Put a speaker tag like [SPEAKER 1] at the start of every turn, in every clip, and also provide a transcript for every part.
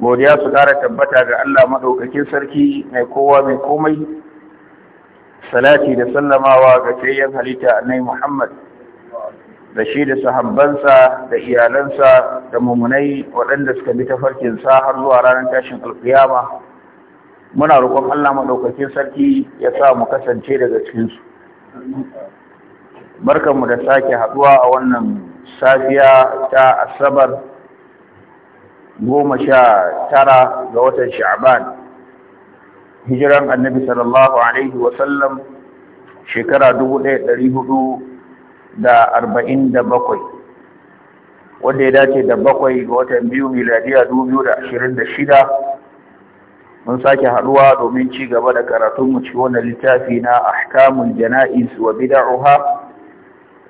[SPEAKER 1] godiya su ƙara tabbata ga Allah maɗaukakin sarki mai kowa mai komai salati da sallamawa ga fiyayyen halitta nai Muhammad da shi da sahabbansa da iyalansa da mummunai waɗanda suka bi sa har zuwa ranar tashin alƙiyama muna roƙon Allah maɗaukakin sarki ya sa mu kasance daga cikinsu barkanmu da sake haɗuwa a wannan safiya ta asabar goma sha tara ga watan sha'ban hijiran annabi sallallahu alaihi wasallam shekara dubu ɗaya hudu da arba'in da bakwai wanda ya dace da bakwai ga watan biyu miladiya dubu biyu da ashirin da shida mun sake haɗuwa domin ci gaba da karatunmu ci wannan littafi na ahkamul jana'iz wa bida'uha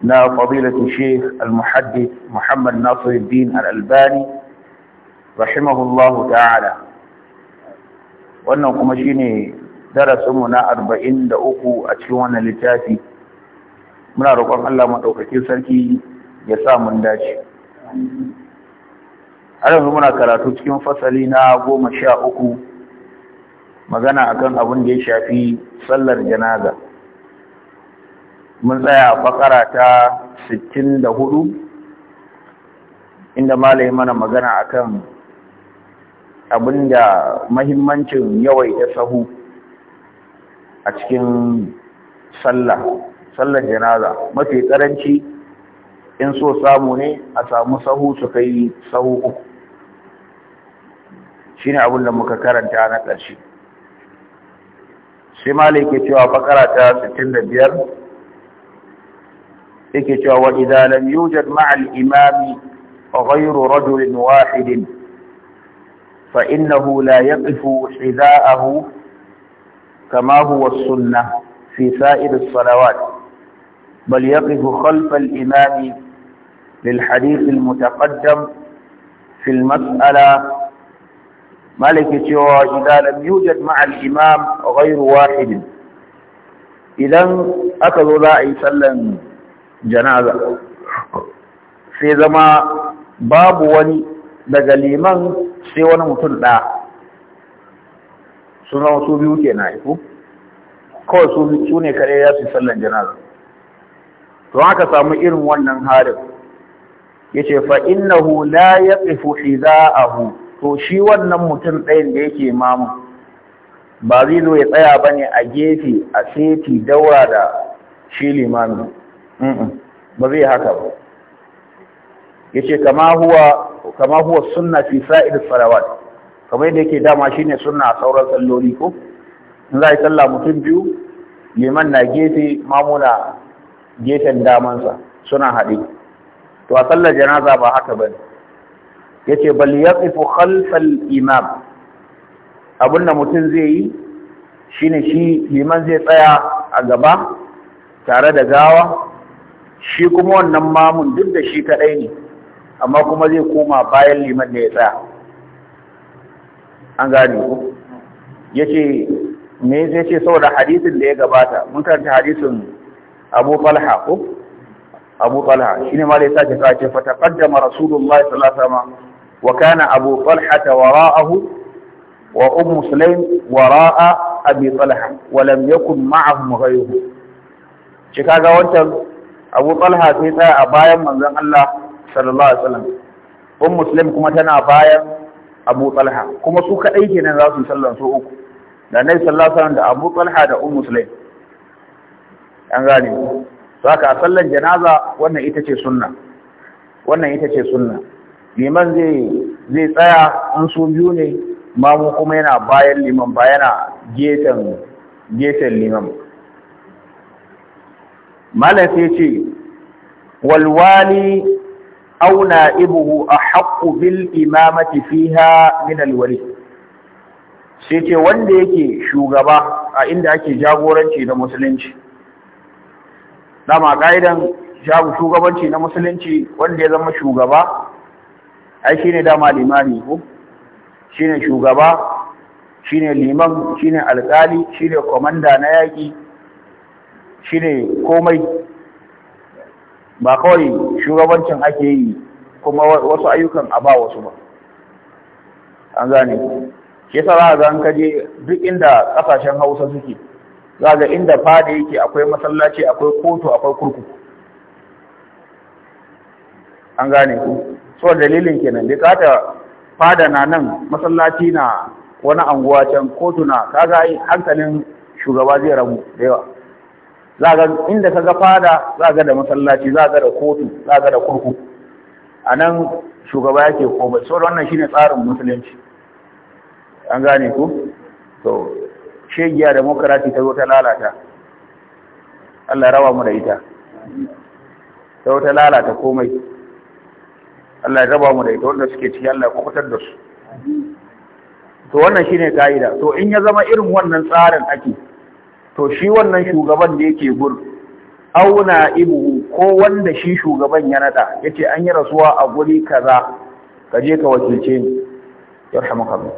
[SPEAKER 1] na fadilatu sheikh al-muhaddith Muhammad Nasiruddin Al-Albani rahimahullahu تعالى wannan kuma shine darasinmu na arba'in da uku a cikin wannan littafi muna roƙon Allah maɗaukakin sarki ya sa mun dace har yanzu muna karatu cikin fasali na goma sha uku magana akan abin da ya shafi sallar janaza mun tsaya a fakara ta sittin da hudu inda malai mana magana akan da mahimmancin yawaita sahu a cikin sallah sallar janaza mafi karanci in so samu ne a samu sahu su kai sahu uku shine abin da muka karanta na ƙarshe sai malai ke cewa bakara ta 65 yake cewa wa idza yujad a al-imami ghayru rajulin wahidin فإنه لا يقف حذاءه كما هو السنة في سائر الصلوات بل يقف خلف الإمام للحديث المتقدم في المسألة مالك شوى إذا لم يوجد مع الإمام غير واحد إذا أخذوا لا يسلم جنازة في زما باب وني daga sai wani mutum ɗa sun zama su biyu ke na haifu kawai su ne kare ya su sallan janaza to haka samu irin wannan harin ya ce fa innahu la ya tsifu hu. to shi wannan mutum ɗayan da yake mamu ba zai zo ya tsaya ba ne a gefe a seti daura da shi limami ba zai haka ba ya ce kama huwa kama huwa sunna fi sa'ir salawat kamar yadda yake dama shine sunna a sauran salloli ko in za a yi sallah mutum biyu liman na gefe mamuna gefen damansa suna haɗe to a sallar janaza ba haka bane yace bal yaqifu khalfal imam abinda mutum zai yi shine shi liman zai tsaya a gaba tare da gawa shi kuma wannan mamun duk da shi kadai ne amma kuma zai koma bayan liman da ya tsaya an gane ku ya ce me zai ce saboda hadisin da ya gabata mun karanta hadisin abu falha ko abu falha shi ne ma da ya sake sake fataqaddama rasulullahi sallallahu salasa ma. wa kana abu falha wara'ahu wa ummu sulaim wara'a abi falha wa lam yakun ma'ahum ghayruhu shi kaga wancan abu falha sai tsaya a bayan manzon Allah sallallahu alaihi wasallam um muslim kuma tana bayan abu talha kuma su kadai kenan za su sallan su uku da nabi sallallahu alaihi wasallam da abu talha da um muslim an gane saka sallan janaza wannan ita ce sunna wannan ita ce sunna liman zai zai tsaya an su biyu ne mamu kuma yana bayan liman ba yana gefen gefen liman malam sai ce walwali أو نائبه أحق بالإمامة فيها من الولي sai ce wanda yake shugaba a inda ake jagoranci na musulunci dama ƙa'idan shugabanci na musulunci wanda ya zama shugaba ai shine dama limami ko shine shugaba shine liman shine alkali shine komanda na yaki shine komai ba kawai shugabancin ake yi kuma wasu ayyukan a ba wasu ba an gane shi yasa za ga kaje duk inda kasashen Hausa suke za ga inda fada yake akwai masallaci akwai kotu akwai kurkuku an gane ku so dalilin kenan da kata fada na nan masallaci na wani anguwa can kotu na kaga hankalin shugaba zai ramu da yawa za ga inda ka ga fada za ga da masallaci za ga da kotu za ga da kurku a nan shugaba yake komai so wannan shine tsarin musulunci an gane ku to shegiya demokarati ta zo ta lalata Allah rawa mu da ita ta zo ta lalata komai Allah ya raba mu da ita wanda suke ciki Allah ya kubutar da su to wannan shine kaida to in ya zama irin wannan tsarin ake to shi wannan shugaban da yake gur auna ibuhu ko wanda shi shugaban ya nada yace an yi rasuwa a guri kaza ka je ka wakilce ni yarhamukallah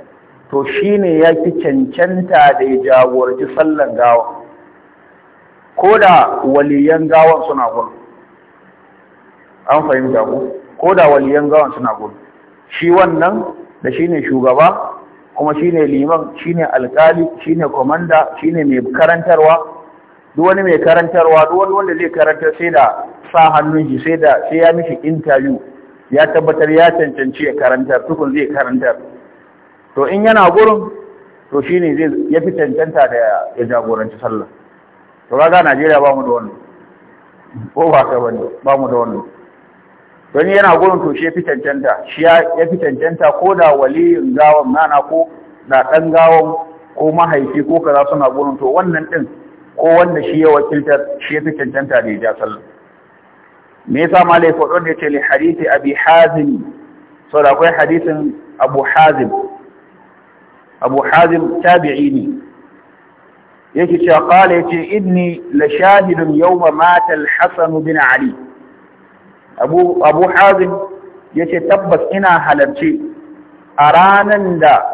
[SPEAKER 1] to shine ya fi cancanta da ya jagoranci sallan gawa ko da waliyan gawan suna gur an fahimta ko da waliyan gawan suna gur shi wannan da shine shugaba kuma shi ne liman shi shine alkali shine komanda ne mai karantarwa duk wani mai karantarwa duk wanda zai karanta sai da sa hannun shi sai da sai ya mishi interview ya tabbatar ya cancanci ya karantar tukun zai karantar to in yana gurin to shi zai ya fi cancanta da ya jagoranci sallah to ga Najeriya ba mu da wannan ko ba ka bane ba mu da wannan don yana gurin to shi ya fi cancanta shi ya fi cancanta ko da waliyin gawan nana ko da ɗan gawan ko mahaifi ko kaza suna gurin to wannan ɗin ko wanda shi ya wakiltar shi ya fi cancanta da ya sallah me yasa ma lai faɗo da ce li hadisi abi hazim so da akwai hadisin abu hazim abu hazim tabi'i ne yake cewa qala yace inni la shahidun yawma mata al-hasan bin ali abu abu hazim yace tabbas ina halarci a ranan da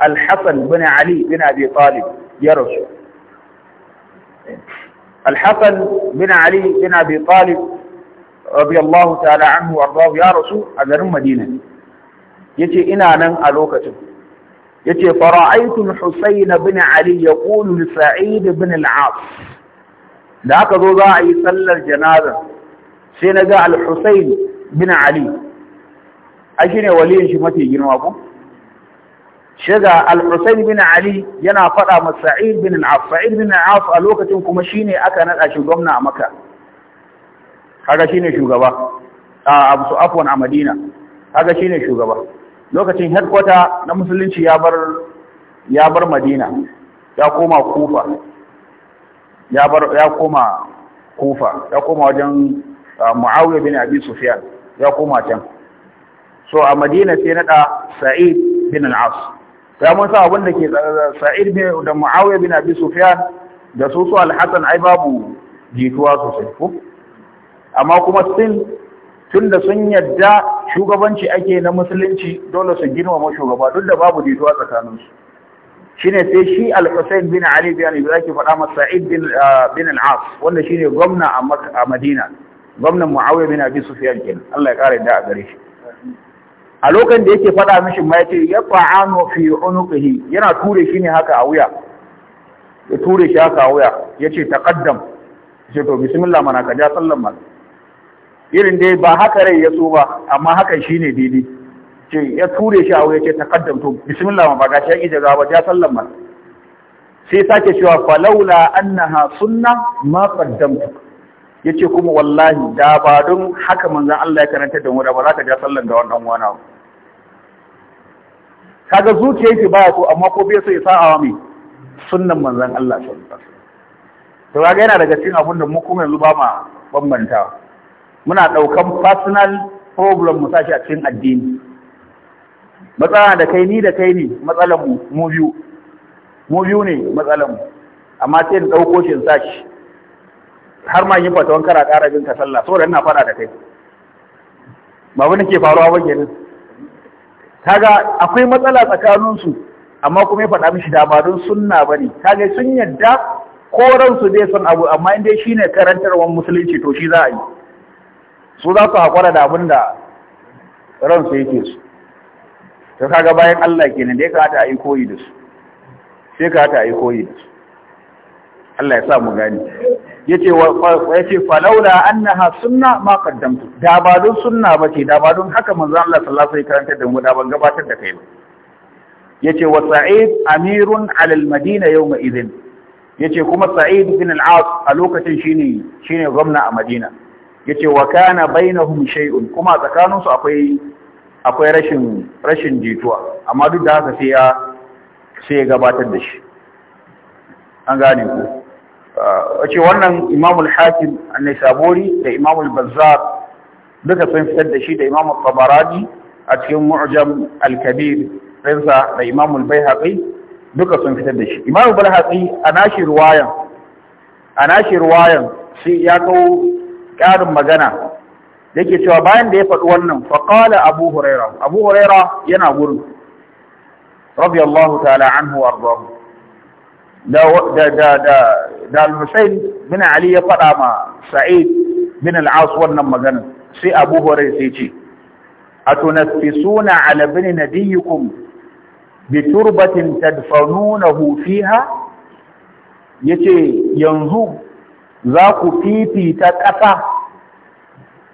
[SPEAKER 1] al-hasan bin ali bin abi talib ya rasu al bin ali bin abi talib ta'ala anhu ya rasu a garin madina ce ina nan a lokacin yace ce al-husayn bin ali ya li sa'id bin al da aka zo za a yi sallar janazar sai na ga al-Husayn bin Ali a ne waliyin shi mafi girma ko ga al-Husayn bin Ali yana faɗa ma Sa'id bin al-As Sa'id bin al-As a lokacin kuma shine aka nada shi gwamna a Makka kaga ne shugaba a Abu afuwan a Madina kaga ne shugaba lokacin headquarter na musulunci ya bar ya bar Madina ya koma Kufa ya bar ya koma Kufa ya koma wajen Mu'awiyah bin Abi Sufyan ya koma can so a Madina sai nada Sa'id bin al-As ya mun sa abin da ke Sa'id bin da Mu'awiyah bin Abi Sufyan da su su al-Hasan ai babu jituwa sosai ko amma kuma sun da sun yadda shugabanci ake na musulunci dole su girmama shugaba duk da babu jituwa tsakaninsu shine sai shi al bin Ali bin Ibrahim Zaki faɗa masa Sa'id bin bin al-As wanda shine gwamna a Madina gwamnan na bin su Sufyan kenan Allah ya kare da a gare shi a lokacin da yake faɗa mishi ma ya ce, ya fa'anu fi unuqihi yana ture shi ne haka a wuya ya ture shi haka a wuya Ya ta taqaddam ce to bismillah mana ka ja sallan ma irin dai ba haka rai ya so ba amma hakan ne daidai ce ya ture shi a wuya ta taqaddam to bismillah ma ba ga shi ya ga ba ja sallan ma sai sake cewa falaula annaha sunna ma qaddamtuka ya ce kuma wallahi da ba don haka manzan Allah ya karanta da mu da ba za ka ja sallan ga wannan wana kaga zuciyar shi baya so amma ko bai so ya sa awa mai sunnan manzan Allah sallallahu alaihi wasallam to kaga yana daga cikin abin da mu kuma zuba ba ma bambanta muna daukan personal problem mu sashi a cikin addini matsala da kai ni da kai ne matsalan mu mu biyu mu biyu ne matsalan mu amma sai in dauko shi in sashi har ma yi fatawan kara ƙara bin ka sallah saboda ina fada da kai ba wani ke faruwa ba kenan kaga akwai matsala tsakanin su amma kuma ya faɗa mishi da ba don sunna bane kaga sun yadda ko ransu zai son abu amma in dai shine karantarwar musulunci to shi za a yi su za su haƙura da abin da ransu yake su to kaga bayan Allah kenan da ya kamata a yi koyi da su sai kamata a yi koyi da su Allah ya sa mu gani yace wa yace falaula annaha sunna ma qaddamtu da ba don sunna bace da ba don haka manzo Allah sallallahu alaihi wasallam karantar da mu da ban gabatar da kai ba yace wa sa'id amirun ala al-madina yawma idhin yace kuma sa'id bin al-as a lokacin shine shine gwamna a madina yace wa kana bainahum shay'un kuma tsakanin su akwai akwai rashin rashin jituwa amma duk da haka sai ya sai ya gabatar da shi an gane ku wace ah, wannan imamul hakim annai da imamul bazzar duka sun fitar da shi da imamul tabarani a cikin mu'jam al-kabir ɗinsa da imamul bayhaqi duka sun fitar da shi imamul bayhaqi a nashi ruwayan a nashi ruwayan shi ya kawo ƙarin magana yake cewa bayan da ya faɗi wannan faƙala abu huraira abu huraira yana gurin radiyallahu ta'ala anhu arzahu da al-Husayn bin Ali ya faɗa ma Sa'id bin al-As wannan magana sai Abu Hurairah sai ce atunafisuna ala bin nabiyyikum bi turbatin tadfanunahu fiha yace yanzu za ku fifita ƙasa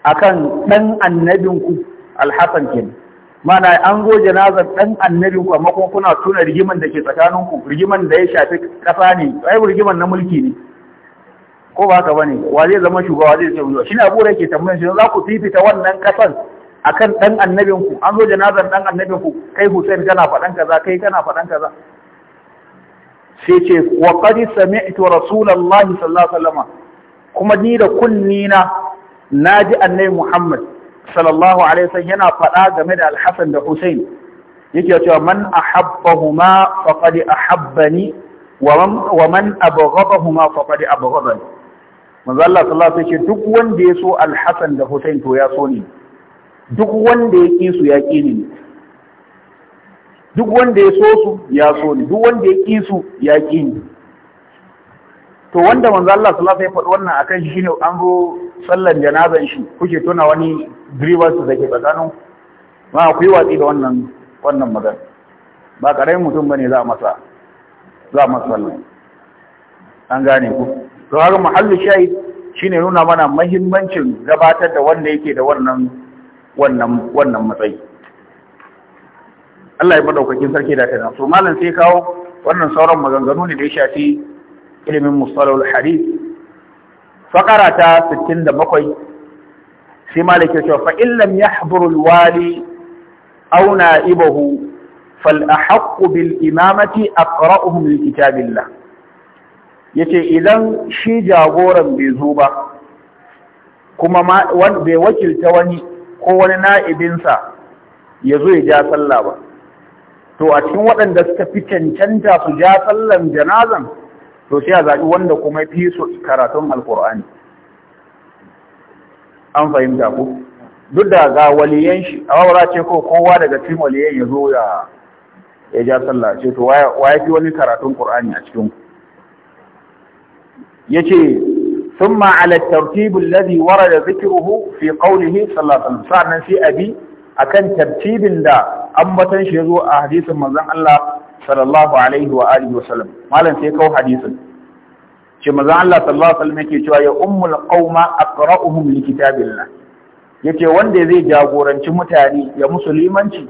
[SPEAKER 1] akan dan annabinku al-Hasan kenan mana an zo janazar ɗan annabi ku amma kuma kuna tuna rigiman da ke tsakanin ku rigiman da ya shafi ƙasa ne ai rigiman na mulki ne ko ba haka bane wa zai zama shugaba zai ce shugaba shine abu da yake tambayan shi za ku fifita wannan ƙasan akan ɗan annabin ku an zo janazar ɗan annabin ku kai Hussein kana faɗan kaza kai kana faɗan kaza sai ce wa qad sami'tu rasulullahi sallallahu alaihi wasallam kuma ni da kunni na naji annabi Muhammad sallallahu alaihi wasallam yana faɗa game da Al-Hasan da Hussein yake cewa man a huma a faqad ni wa man abghadahuma faqad abghadani manzo Allah sallallahu alaihi wasallam duk wanda ya so Al-Hasan da Hussein to ya so ni duk wanda ya ki su ya ki ni duk wanda ya so su ya so ni duk wanda ya ki su ya ki ni to wanda manzo Allah sallallahu alaihi wasallam ya faɗi wannan akan shi shine an zo sallan janazan shi kuke tona wani grievance da ke tsakanin ma ku yi watsi da wannan wannan magana ba ƙarai mutum bane za a masa za a masa wannan an gane ku to haka muhallu shayi shine nuna mana muhimmancin gabatar da wanda yake da wannan wannan wannan matsayi Allah ya madaukakin sarki da kai so malam sai kawo wannan sauran maganganu ne da ya shafi ilimin musalul hadith fakara ta 67 shi malik ya ce fa illam yahdhurul wali aw na'ibahu fal ahqqu bil imamati aqra'uhum li kitabillah yace idan shi jagoran bai zo ba kuma bai wakilta wani ko wani na'ibinsa ya zo ya ja sallah ba to a cikin waɗanda suka fi cancanta su ja sallan janazan to sai a zaɓi wanda kuma fi su karatun alkur'ani an fahimta ku duk da ga waliyan shi a wawara ce ko kowa daga cikin waliyan ya zo ya ya ja sallah ce to ya fi wani karatun qur'ani a cikin ku yace thumma ala tartib da zikir, dhikruhu fi qawlihi sallallahu alaihi wasallam sai abi akan tartibin da ambatan shi zo a hadisin manzon Allah sallallahu alaihi wa alihi wa sallam malam sai kawo hadisin ce manzo Allah sallallahu alaihi wa yake cewa ya ummul qauma aqra'uhum li kitabillah yace wanda zai jagoranci mutane ya musulmanci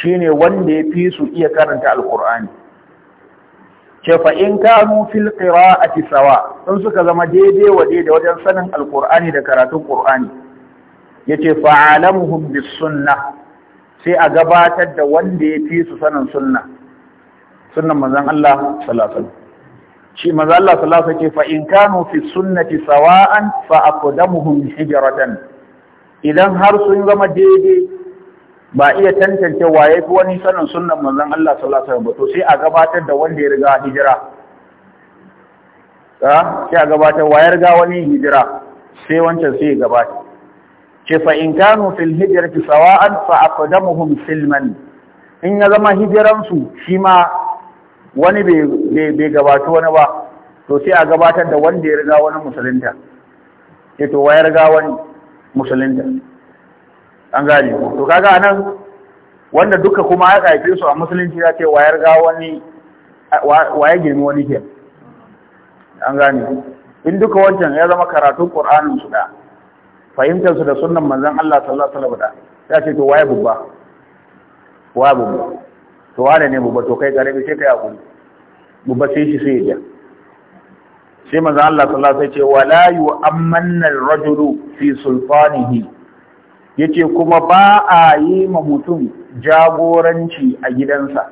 [SPEAKER 1] shine wanda ya fi su iya karanta alqur'ani ce fa in kanu fil qira'ati sawa sun suka zama daidai wade da wajen sanin alqur'ani da karatun qur'ani yace fa alamuhum bis sunnah sai a gabatar da wanda ya fi su sanin sunna Sunan manzon Allah sallallahu alaihi shi manzon Allah sallallahu alaihi wasallam ce fa in kanu fi sunnati sawa'an fa aqdamuhum idan har sun zama daidai ba iya tantance waye fi wani sanin sunan manzon Allah sallallahu alaihi wasallam to sai a gabatar da wanda ya riga hijira ta sai a gabatar waye riga wani hijira sai wancan sai ya gabata ce fa in kanu fil hijrati sawa'an fa aqdamuhum in ya zama hijiransu shi ma wani bai gabatu wani ba to sai a gabatar da wanda ya riga wani musulunta sai to waya riga wani musulunta an gane to kaga anan wanda duka kuma ya haife su a musulunci ya ce wayar riga wani waya girmi wani ke an gane in duka wancan ya zama karatun qur'anin su da fahimtar su da sunnan manzon Allah sallallahu alaihi wasallam ya ce to waya bubba waya bubba to wane ne bubba to kai garebe sai kai hakuri babba sai shi sai ya sai manzo Allah sallallahu alaihi ce wala yu'ammanna ar-rajulu fi sulfanihi yace kuma ba a yi ma mutum jagoranci a gidansa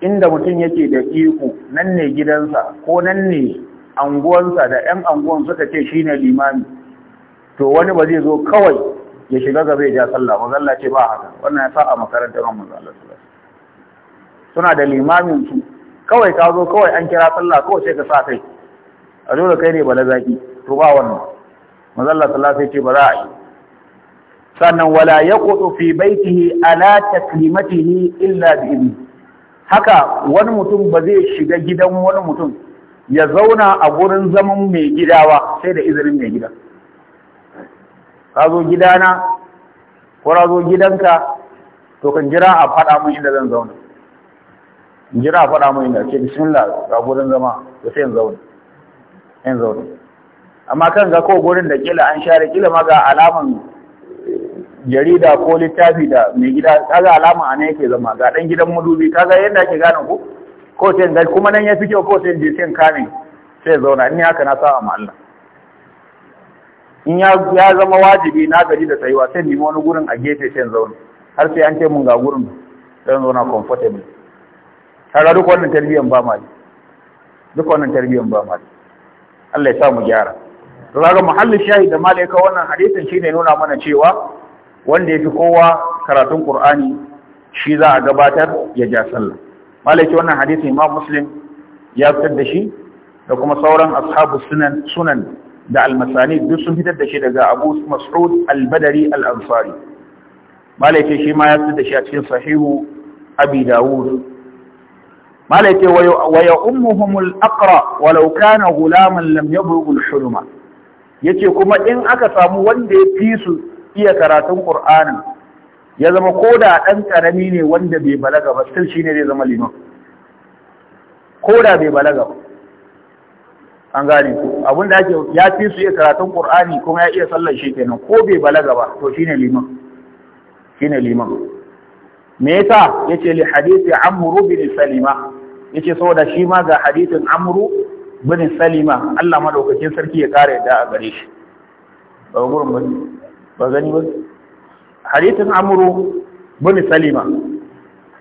[SPEAKER 1] inda mutum yake da iko nan ne gidansa ko nan ne anguwansa da 'yan anguwan suka ce shine limami to wani ba zai zo kawai ya shiga gaba ya ja sallah manzo Allah ce ba haka wannan ya sa a makarantar manzo suna da limamin su kawai ka zo kawai an kira sallah kawai sai ka sa kai a dole kai ne bala zaki to ba wannan mazalla sallah sai ce ba za a yi sannan wala yaqutu fi baitihi ala taklimatihi illa bi ibni haka wani mutum ba zai shiga gidan wani mutum ya zauna a gurin zaman mai gida ba sai da izinin mai gida ka zo gidana ko ra zo gidanka to kan jira a faɗa mun inda zan zauna jira faɗa mai da ke bismillah ga gurin zama da sai zaune in zaune amma kan ga ko gurin da kila an share kila ma ga alaman jarida ko littafi da mai gida kaga alaman a ne yake zama ga ɗan gidan madubi kaga yadda ake gane ko ko sai ga kuma nan ya fi kyau ko sai yin sai kamin sai zauna in haka na sa'a ma Allah in ya zama wajibi na gari da tsayuwa sai nemi wani gurin a gefe sai zauna har sai an ce mun ga gurin don zauna comfortable kaga duk wannan tarbiyyan ba mali duk wannan tarbiyyan ba mali Allah ya sa mu gyara to kaga muhallin shayi da malaika wannan hadisin shine nuna mana cewa wanda yafi kowa karatun Qur'ani shi za a gabatar ya ja sallah malaika wannan hadisi Imam Muslim ya fitar da shi da kuma sauran ashabu sunan sunan da al-masani duk sun fitar da shi daga Abu Mas'ud al-Badri al-Ansari malaika shi ma ya fitar da shi a cikin sahihu Abi Dawud malai ce wa ya ummuhumul aqra walau kana gulaman lam yablughu al-huluma yace kuma in aka samu wanda ya fi su iya karatun qur'anin ya zama koda dan karami ne wanda bai balaga ba still shine zai zama liman koda bai balaga ba an gane ku da ake ya fi su iya karatun qur'ani kuma ya iya sallar shi kenan ko bai balaga ba to shine liman shine liman me yasa yace li hadisi amru bin salima Ya ce saboda shi ma ga hadithin amru bin salima Allah madaukakin sarki ya kare da a gare shi ba gurin ba ba gani ba hadithin amru bin salima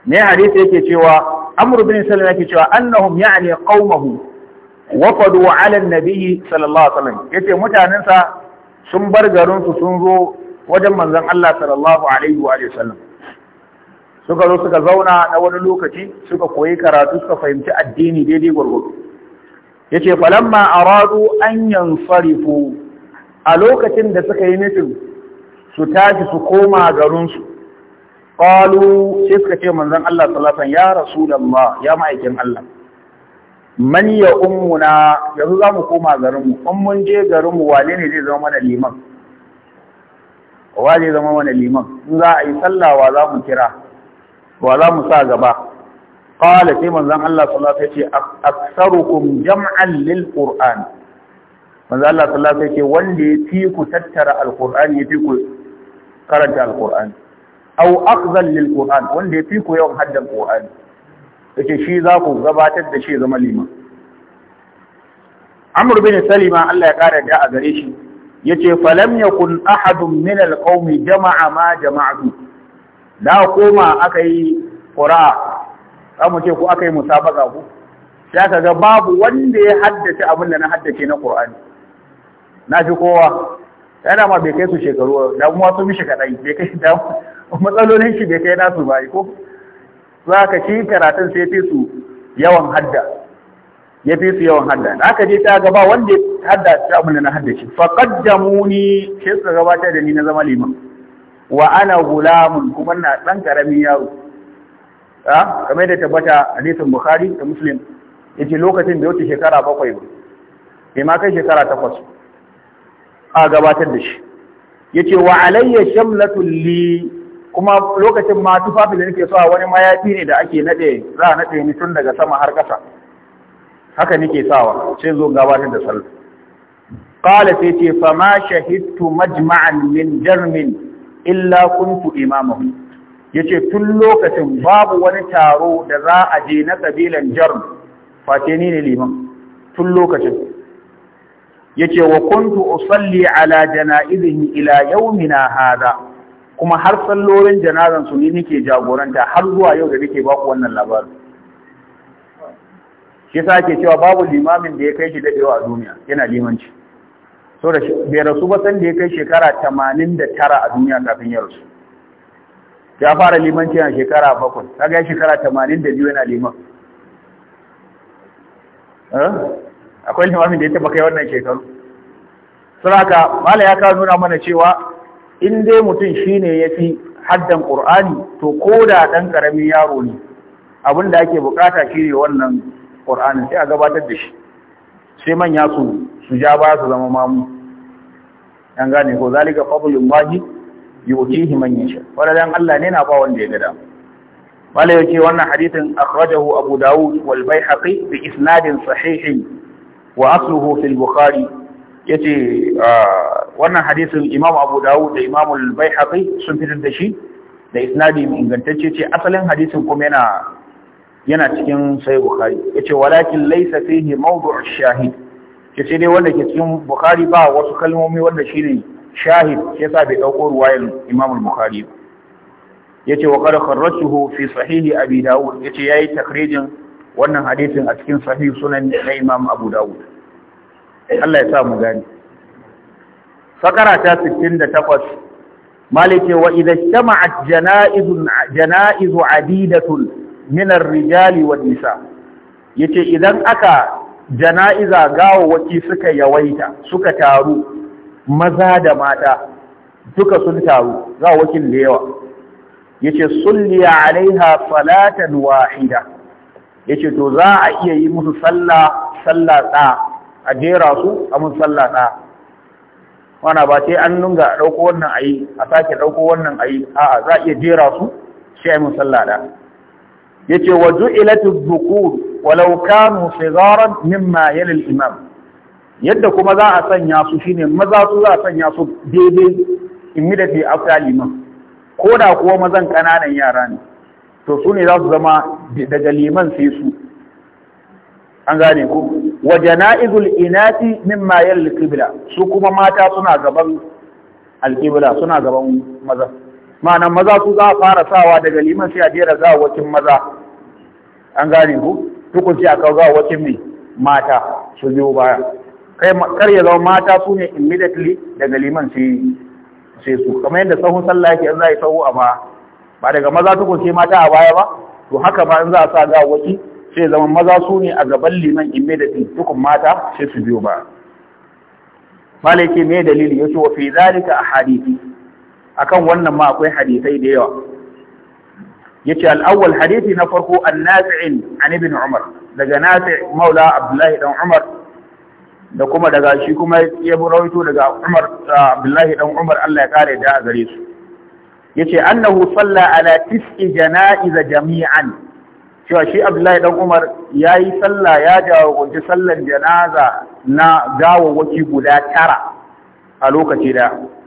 [SPEAKER 1] ne hadisi yake cewa amru bin salima yake cewa annahum ya'ni qaumahum wafadu ala an-nabi sallallahu alaihi wasallam yace mutanansa sun bar garin su sun zo wajen manzon Allah sallallahu alaihi wa sallam suka zo suka zauna na wani lokaci suka koyi karatu suka fahimci addini daidai gwargwado yace falamma aradu an yansarifu a lokacin da suka yi nufin su tashi su koma garinsu qalu sai suka ce manzon Allah sallallahu alaihi ya rasulullah ya ma'aikin Allah man ya ummuna yanzu za mu koma garinmu in mun je garinmu wane ne zai zama mana liman wa zai zama mana liman in za a yi sallawa za mu kira wa za mu sa gaba qala sai manzon Allah sallallahu alaihi wasallam yace aktsarukum jam'an lil qur'an manzon Allah sallallahu alaihi yace wanda ya fi ku tattara alqur'ani ya fi ku karanta alqur'ani aw akhdhan lil qur'an wanda ya fi ku yawan haddan qur'ani yace shi za ku gabatar da shi zama liman Amr bin Salima Allah ya kare da a gare shi Ya yace falam kun ahadun min alqawmi jama'a ma jama'atu da koma aka yi ƙura za mu ce ku aka yi musabaka ku sai aka ga babu wanda ya haddace abin da na haddace na ƙura'ani na fi kowa yana ma bai kai su shekaru da kuma wasu mishi kaɗai bai kai da matsalolin shi bai kai nasu ba ko za ka ci karatun sai fi su yawan hadda ya fi su yawan hadda da aka je ta gaba wanda ya haddace abin da na haddace faqaddamuni sai suka gabatar da ni na zama liman wa ana gulamun kuma na ɗan ƙaramin yaro a kamar da tabbata nisan bukhari da muslim ya ce lokacin da wata shekara bakwai ba bai ma kai shekara takwas a gabatar da shi ya ce wa alayya shan li kuma lokacin ma tufafi da nake a wani mayafi ne da ake naɗe za a naɗe ni tun daga sama har ƙasa haka nake sawa sai zo gabatar da sallah qala sai ce fa ma shahidtu majma'an min jarmin illa kuntu imamahu yace tun lokacin babu wani taro da za a je na kabilan jarm face ni ne liman tun lokacin yace wa kuntu usalli ala janaizihi ila yawmina hada kuma har sallorin janazan su ni nake jagoranta har zuwa yau da nake baku wannan labarin shi yasa ake cewa babu limamin da ya kai shi dadewa a duniya yana limanci so da bai rasu ba san da ya kai shekara 89 a duniya kafin ya rasu ya fara limanci a shekara bakwai ta ya shekara 82 yana liman eh? akwai limamin da ya taba kai wannan shekaru saboda mala ya kawo nuna mana cewa in dai mutum shine fi haddan qur'ani to ko da dan karamin yaro ne da ake bukata shine wannan qur'anin sai a gabatar da shi sai manya su su ja ba su zama mamu an gane ko zalika fadlun wahi yu'tihi man yasha waladan Allah ne na ba wanda ya ga da mala yake wannan hadithin akhrajahu abu daud wal baihaqi bi isnadin sahih wa asluhu fil bukhari yace ah, wannan hadisin imam abu daud da imam al baihaqi sun fitar da shi da isnadi ingantacce ce asalin hadisin kuma yana yana cikin sai bukhari yace walakin laysa fihi mawdu' shahid ya ce dai wanda ke cikin bukhari ba wasu kalmomi wanda shi ne shahid ya sa bai ɗauko ruwayan imam bukhari ya ce wa kada kharrajuhu fi sahihi abi dawud ya ce ya yi takrijin wannan hadisin a cikin sahihi sunan na imam abu dawud Allah ya sa mu gani fakara ta 68 مالك وإذا janaizu جنائز جنائز عديدة من الرجال والنساء yace idan aka jana'iza gawawaki suka yawaita suka taru maza da mata duka sun taru gawawakin da yawa yace sulliya alaiha salatan wahida yace to za a iya yi musu sallah sallah da a jera su a musu sallah da wana ba sai an nunga a dauko wannan ayi a sake dauko wannan ayi a'a za a iya jera su sai a yi musu sallah da yace wa ju'ilatu dhukur walau kanu sigaran mimma yali al-imam yadda kuma za a sanya su shine maza su za a sanya su daidai immediately after al-imam ko kuwa mazan kananan yara ne to su ne za su zama daga liman sai su an gane ku wa jana'izul inati mimma yali al-qibla su kuma mata suna gaban al-qibla suna gaban maza ma'ana maza su za a fara sawa daga liman sai a jera wacin maza an gane ku tukun sai a kawo wacin mai mata su biyo baya kar ya zama mata su ne immediately daga liman sai su kamar yadda sahun sallah yake in za a yi sahu a baya ba daga maza tukun sai mata a baya ba to haka ba in za a sa wacin sai zama maza su ne a gaban liman immediately tukun mata sai su biyo baya malaki ne dalili yace wa fi zalika ahadithi akan wannan ma akwai hadisai da yawa yace al-awwal hadisi na farko an-nafi' an ibn umar daga nafi' maula abdullahi dan umar da kuma daga shi kuma ya rawaito daga umar abdullahi dan umar Allah ya kare da gare su yace annahu salla ala tis'i janaiz jami'an cewa shi abdullahi dan umar yayi sallah ya jagoranci sallan janaza na gawawwaki guda tara a lokaci daya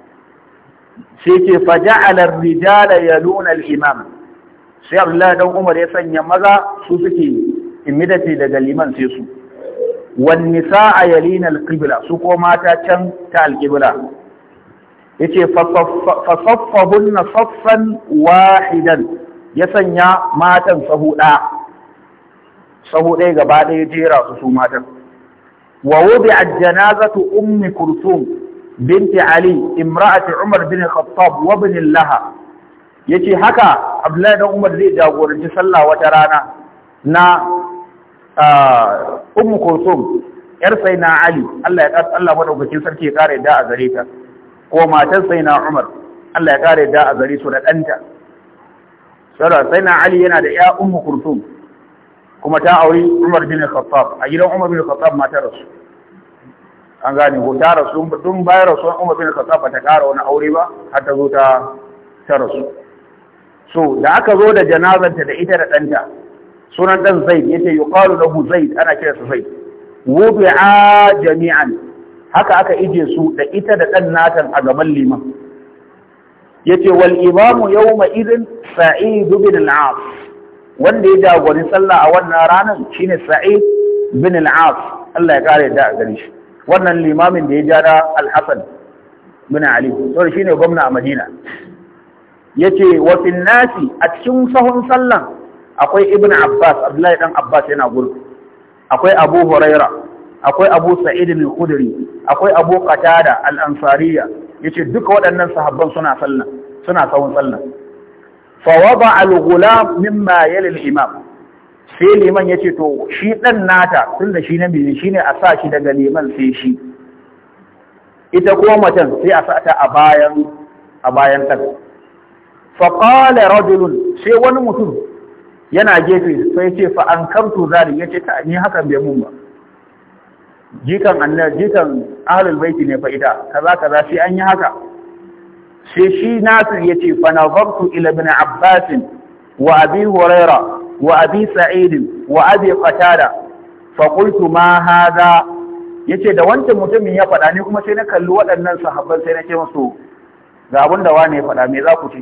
[SPEAKER 1] sai ce faja'alar rijala ya al-imam sai Allah dan Umar ya sanya maza su suke imidati daga liman sai su wan nisaa yalina al su ko mata can ta al-qibla fa fasaffahunna saffan wahidan ya sanya matan sahu ɗaya gaba ɗaya jera su su matan wa wubi'at janazatu ummi kulthum binti Ali imra'ati Umar bin Khattab wa bin Laha yace haka Abdullahi dan Umar zai jagoranci sallah wata rana na Ummu Kulsum yar Saina Ali Allah ya kar Allah madaukakin sarki ya kare da a gare ta ko matar Saina Umar Allah ya kare da a gare su da danta sai Saina Ali yana da ya Ummu Kulsum kuma ta auri Umar bin Khattab a gidan Umar bin Khattab matar rasu an gane ko ta rasu tun bayan rasuwan Umar bin Khattab ba ta kara wani aure ba har ta zo ta ta rasu so da aka zo da janazanta da ita da ɗanta sunan ɗan Zaid yace yuqalu lahu Zaid ana kiransa Zaid a jami'an haka aka ije su da ita da ɗan natan a gaban liman yace wal imamu yawma idin Sa'id bin al-As wanda ya jagori sallah a wannan ranar shine Sa'id bin al-As Allah ya kare da gare shi wannan limamin da ya ja na alhassan bin ali saboda shine gwamna a madina yace wa fil nasi a cikin sahun sallan akwai ibnu abbas abdullahi dan abbas yana gurin akwai abu huraira akwai abu sa'id bin khudri akwai abu Katada al-ansariya yace duka waɗannan sahabban suna sallan suna sahun sallan fa al-ghulam mimma yali imam sai liman ya ce to shi ɗan nata tun da shi biyu shi ne a sa shi daga liman sai shi ita kuma macen sai a sa ta a bayan a bayan ta faƙalar rajulun sai wani mutum yana gefe sai ce fa an zari ya ce ta ni hakan bai mun ba jikan annar jikan ahlul baiti ne fa ita kaza kaza sai an yi haka sai shi nasir ya ce fa nazartu abbasin wa abi hurairah Wa سعيد وأبي قتادة فقلت ما هذا yace da wancan mutumin ya faɗa ni kuma sai na kalli waɗannan sahabban sai na ce musu ga abin da wane ya faɗa me za ku ce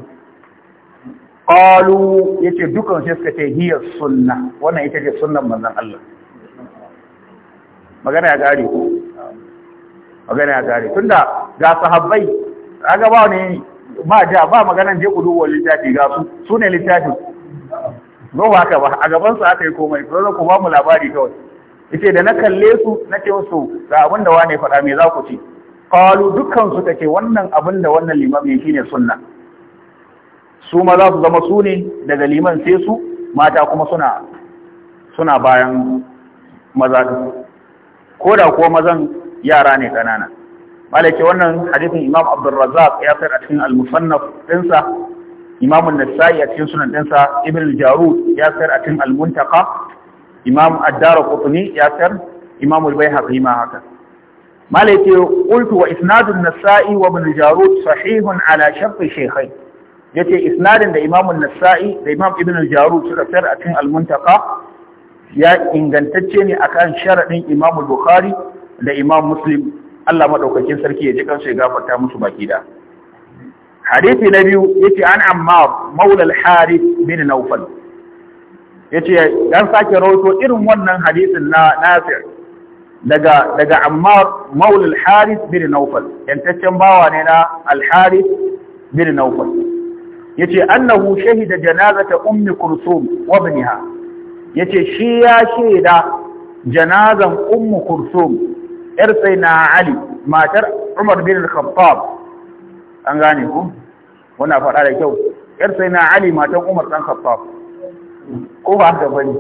[SPEAKER 1] qalu yace dukan sai suka ce hiya sunna wannan ita ce sunnan manzon Allah magana ya gare ku magana ya gare tunda ga sahabbai kaga ba ne ma da ba maganan je ku duwa littafi ga su sune littafin no ba haka ba a gaban su aka yi komai to ku ba mu labari kawai yace da na kalle su na ce su ga abin da wane faɗa me za ku ci qalu dukkan su take wannan abin da wannan limamin shine sunna su ma za su zama su daga liman sai su mata kuma suna suna bayan maza ko da ko mazan yara ne kanana malaki wannan hadisin imam abdurrazzaq ya sayar a cikin al-musannaf ɗinsa imam an-nasa'i a cikin sunan ɗinsa ibn al-jarud ya sayar a cikin al-muntaqa imam ad-darqutni ya sayar imam al-baihaqi ma haka malai ce qultu wa isnadun an-nasa'i wa ibn al-jarud sahihun ala shekai. Ya ce, isnadin da imam an-nasa'i da imam ibn al-jarud suka sayar a cikin al-muntaqa ya ingantacce ne akan sharaɗin imam al-bukhari da imam muslim Allah maɗaukakin sarki ya ji kansu ya gafarta musu baki da hadisi na biyu yace an ammar maula al-harith bin nawfal yace dan sake rawaito irin wannan hadisin na nafi' daga daga ammar maula al-harith bin nawfal bawa ne na al-harith bin nawfal yace annahu shahida janazata ummi kursum wa ibniha yace shi ya shaida janazan ummu kursum yar sai na ali matar umar bin al-khattab an gane ku muna faɗa da kyau yar sai na Ali matan Umar dan Khattab ko ba da bane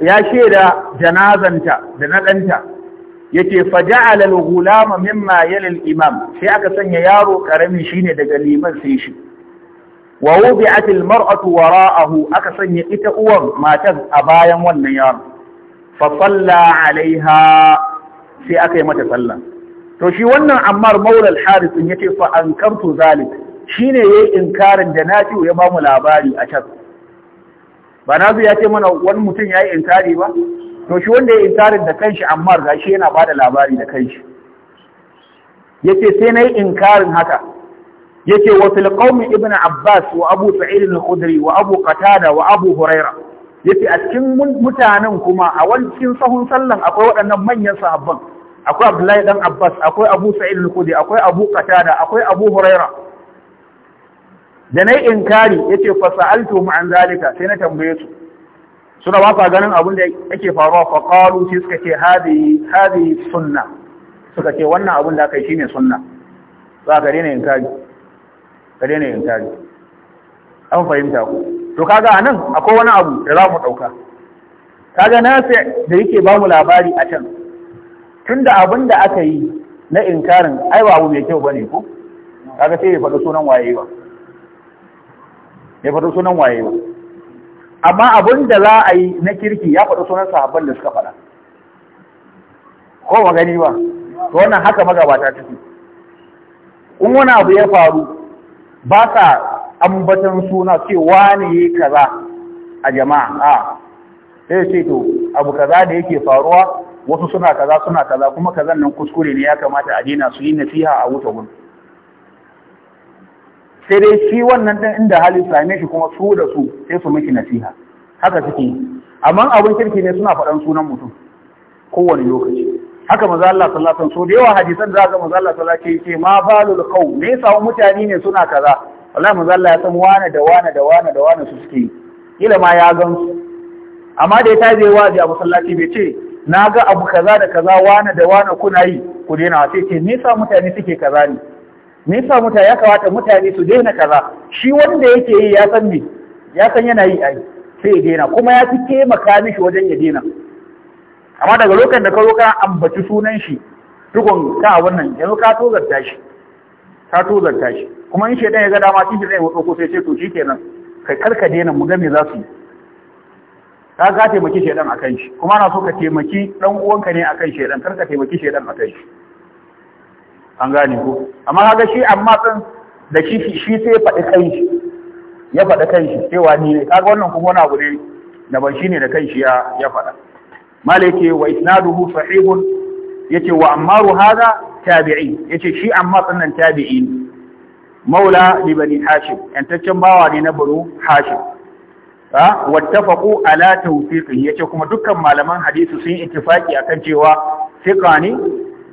[SPEAKER 1] ya shaida janazanta da na danta yace faja'ala al-ghulam mimma yali al-imam sai aka sanya yaro karami shine daga liman sai shi wa al-mar'atu wara'ahu aka sanya ita uwar matan a bayan wannan yaro fa salla alaiha sai aka yi mata sallah to shi wannan ammar maula al-haris din yake fa ankartu zalik shine yayi inkarin da nafi'u ya bamu labari a can ba nazu ya ce mana wani mutum yayi inkari ba to shi wanda ya inkarin da kanshi ammar gashi yana ba da labari da kanshi yace sai nayi inkarin haka yace wa fil qaumi ibn abbas wa abu sa'id al-khudri wa abu qatada wa abu huraira yace a cikin mutanen kuma a wancan sahun sallan akwai waɗannan manyan sahabban akwai Abdullahi dan Abbas akwai Abu Sa'id al-Khudri akwai Abu Qatada akwai Abu Hurairah da nayi inkari yace fa sa'altu an zalika sai na tambaye su suna ba fa ganin abin da yake faruwa fa qalu shi suka ce hadi hadi sunna suka ce wannan abin da aka yi shine sunna za ka daina inkari ka daina inkari an fahimta ku to kaga anan akwai wani abu da za mu dauka kaga nasi da yake ba mu labari a can tunda abin da aka yi na inkarin ai ba abu mai kyau bane ko kaga sai ya faɗi sunan waye ba ya faɗi sunan waye ba amma abin da za a yi na kirki ya faɗi sunan sahabban da suka faɗa ko ba gani ba to wannan haka magabata take in wani abu ya faru ba sa ambatan suna ce wani kaza a jama'a a sai ce to abu kaza da yake faruwa wasu suna kaza suna kaza kuma kazan nan kuskure ne ya kamata a daina su yi nasiha a wuta gun sai dai shi wannan din inda hali same shi kuma su da su sai su miki nasiha haka suke amma abin kirki ne suna faɗan sunan mutum kowane lokaci haka manzo Allah sallallahu alaihi wasallam da yawa hadisan da ga manzo Allah sallallahu alaihi wasallam ce ma balul qaum me samu mutane ne suna kaza wallahi manzo Allah ya san wane da wane da wane da wane su suke kila ma ya gan su amma da ya taje wazi a masallaci bai ce na ga abu kaza da kaza wane da wane kuna yi ku daina sai ce me yasa mutane suke kaza ne me yasa mutane ya kawata mutane su daina kaza shi wanda yake yi ya san me ya san yana yi ai sai ya daina kuma ya fi taimaka mishi wajen ya daina amma daga lokacin da ka zo ka ambaci sunan shi dukun ka wannan, yanzu ka tozarta shi ka tozarta shi kuma in shedan ya ga dama shi zai wato ko sai ce to shikenan kai karka daina mu ga me za su yi ka ka taimaki shaidan akan shi kuma ana so ka taimaki dan uwanka ne akan shedan kar ka taimaki shaidan akan shi an gane ko amma kaga shi amma tsin da shi shi sai ya faɗi kanshi ya faɗi kanshi Sai wani ne kaga wannan kuma wani abu ne da ban shine da kanshi ya ya faɗa malike wa isnaduhu sahihun yace wa ammaru hada tabi'i yace shi amma nan tabi'i maula li bani hashim yantaccen bawa ne na banu hashim wattafaqu ala tawfiqi yace kuma dukkan malaman hadisi sun ittifaki akan cewa thiqa ne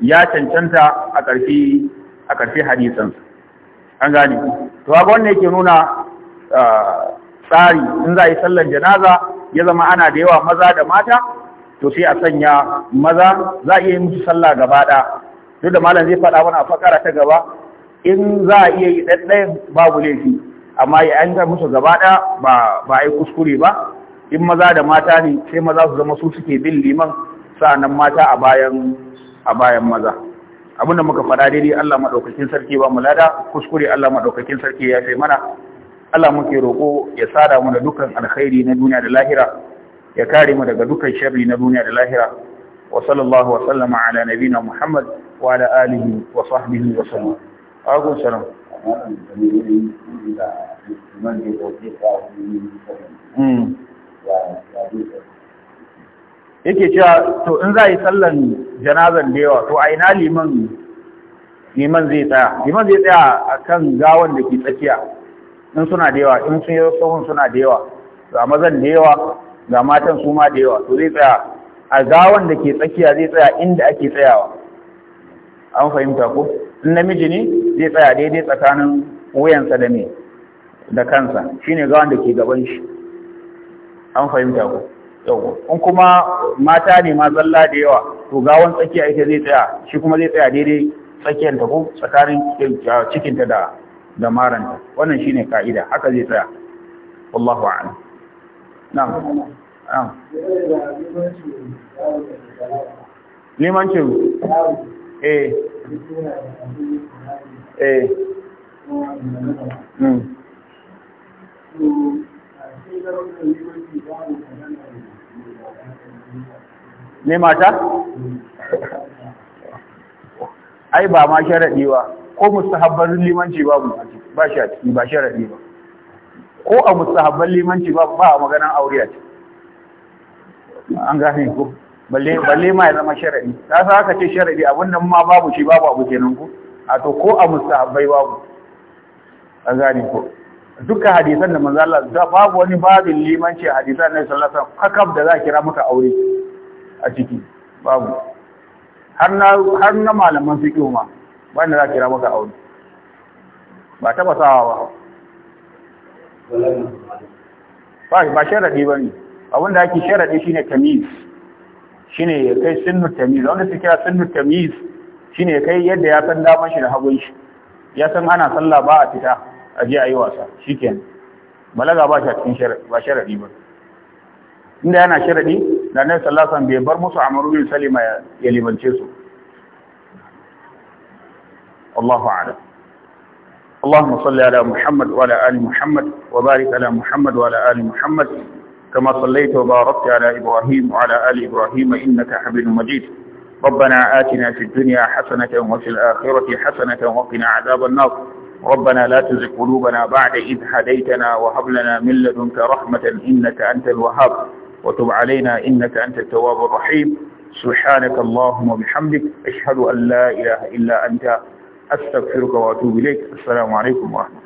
[SPEAKER 1] ya cancanta a karfi a karfi hadisan an gane to ga wannan yake nuna ah, tsari in za a yi sallar janaza ya zama ana da yawa maza da mata to sai a sanya maza za a iya yi musu sallah gaba da duk da malam zai faɗa mana a fakara ta gaba in za a iya yi ɗaɗɗayan babu laifi amma ya an ga musu gaba ɗaya ba ba ai kuskure ba in maza da mata ne sai maza su zama su suke bin liman sa'annan mata a bayan a bayan maza abin da muka faɗa daidai Allah madaukakin sarki ba mu lada kuskure Allah madaukakin sarki ya sai mana Allah muke roƙo ya sada mu da dukkan alkhairi na duniya da lahira ya kare mu daga dukkan sharri na duniya da lahira wa sallallahu wa sallama ala nabina Muhammad wa ala alihi wa sahbihi wa sallam. Agun salam. Hmm. yake cewa to in za a yi sallan janazan da yawa to a ina liman liman zai tsaya liman zai tsaya a kan gawan da ke tsakiya in suna da yawa in sun yi tsohon suna da yawa ga mazan da yawa ga matan su ma da yawa to zai tsaya a gawan da ke tsakiya zai tsaya inda ake tsayawa an fahimta ko in namiji ne zai tsaya daidai tsakanin wuyansa da me da kansa shine ga wanda ke gaban shi an fahimta ku yau in kuma mata ne ma zalla da yawa to gawan tsakiya ita zai tsaya shi kuma zai tsaya daidai tsakiyar ta ko tsakanin cikinta da maranta wannan shine ka'ida haka zai tsaya wallahu a'lam na'am na'am limancin ne eh. eh. hmm. mata? ai ba ma sharaɗi ba ko mustahabban limanci babu ba shi a ciki ba sharaɗi ba ko a mustahabban limanci ba ba a maganan aure a ciki an gane ko balle ma ya zama sharadi Ta sa aka ce sharadi abin nan ma babu shi babu abu kenan ku. a to ko a mustahabbai babu an gane ko dukkan hadisan da manzo Allah da babu wani babin limanci hadisan na sallallahu alaihi wasallam da za kira maka aure a ciki babu har na har na malaman fiqh ma wanda za kira maka aure ba taba sawa ba ba ba sharadi bane abinda ake sharadi shine tamiz shine ya kai sunnu tamiz wanda suke kira sunnu tamiz shine ya kai yadda ya san daman shi da hagun shi ya san ana sallah ba a fita a je a yi wasa shikenan balaga ba shi a cikin ba sharadi ba inda yana sharadi da nan sallallahu alaihi bai bar musu amaru bin salima ya limance su Allahu a'lam اللهم صل على محمد وعلى آل محمد وبارك على محمد وعلى آل محمد كما صليت وباركت على إبراهيم وعلى آل إبراهيم إنك حميد مجيد ربنا آتنا في الدنيا حسنة وفي الآخرة حسنة وقنا عذاب النار ربنا لا تزغ قلوبنا بعد إذ هديتنا وهب لنا من لدنك رحمة إنك أنت الوهاب وتب علينا إنك أنت التواب الرحيم سبحانك اللهم وبحمدك أشهد أن لا إله إلا أنت أستغفرك وأتوب إليك السلام عليكم ورحمة الله